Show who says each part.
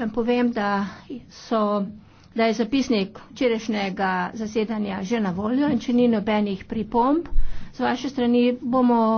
Speaker 1: vam povem, da, so, da je zapisnik včerajšnjega zasedanja že na voljo in če ni nobenih pripomb z vaše strani, bomo.